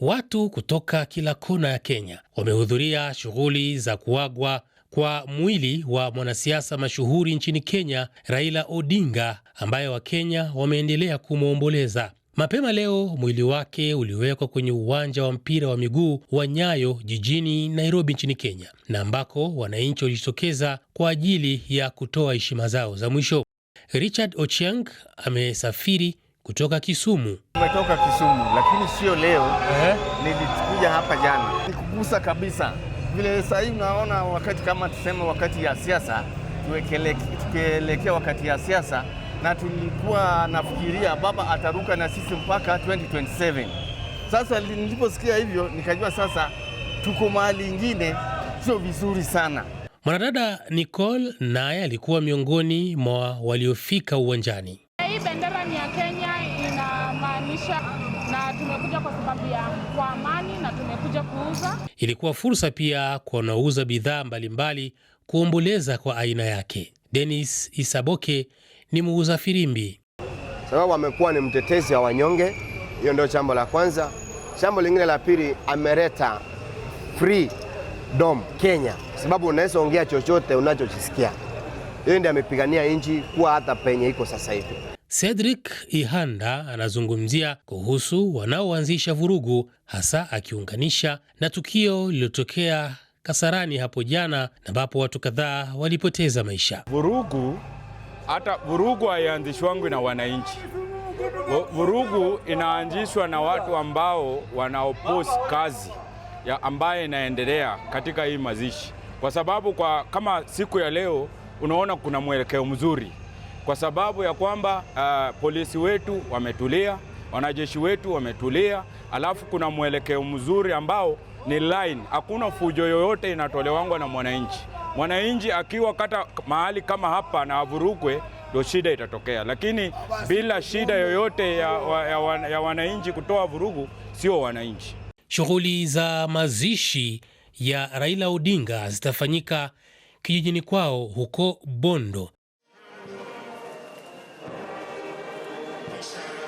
Watu kutoka kila kona ya Kenya wamehudhuria shughuli za kuagwa kwa mwili wa mwanasiasa mashuhuri nchini Kenya, Raila Odinga, ambaye Wakenya wameendelea kumwomboleza. Mapema leo mwili wake uliwekwa kwenye uwanja wa mpira wa miguu wa Nyayo jijini Nairobi nchini Kenya, na ambako wananchi walijitokeza kwa ajili ya kutoa heshima zao za mwisho. Richard Ochieng amesafiri kutoka Kisumu. Nimetoka Kisumu, lakini sio leo eh? Nilikuja hapa jana, nikugusa kabisa vile saa hii unaona, wakati kama tuseme wakati ya siasa, tukielekea wakati ya siasa, na tulikuwa nafikiria baba ataruka na sisi mpaka 2027. Sasa niliposikia hivyo nikajua sasa tuko mahali ingine, sio vizuri sana. Mwanadada Nicole naye alikuwa miongoni mwa waliofika uwanjani hii bendera ni ya Kenya inamaanisha, na tumekuja kwa sababu ya kwa amani na tumekuja kuuza. Ilikuwa fursa pia kwa wanaouza bidhaa mbalimbali kuomboleza kwa aina yake. Dennis Isaboke ni muuza firimbi. Sababu amekuwa ni mtetezi wa wanyonge, hiyo ndio jambo la kwanza. Jambo lingine la pili, ameleta dom Kenya, sababu unaweza ongea chochote unachojisikia. Yeye ndiye amepigania nchi kuwa hata penye iko sasa hivi. Cedric Ihanda anazungumzia kuhusu wanaoanzisha vurugu, hasa akiunganisha na tukio lililotokea Kasarani hapo jana, ambapo watu kadhaa walipoteza maisha. Vurugu hata vurugu haianzishwangwi na wananchi, vurugu inaanzishwa na watu ambao wanaopos kazi ya ambaye inaendelea katika hii mazishi, kwa sababu kwa kama siku ya leo unaona kuna mwelekeo mzuri kwa sababu ya kwamba uh, polisi wetu wametulia, wanajeshi wetu wametulia, alafu kuna mwelekeo mzuri ambao ni line, hakuna fujo yoyote inatolewangwa na mwananchi. Mwananchi akiwa kata mahali kama hapa na avurugwe, ndio shida itatokea, lakini bila shida yoyote ya, ya, ya wananchi kutoa vurugu, sio wananchi. Shughuli za mazishi ya Raila Odinga zitafanyika kijijini kwao huko Bondo Nation.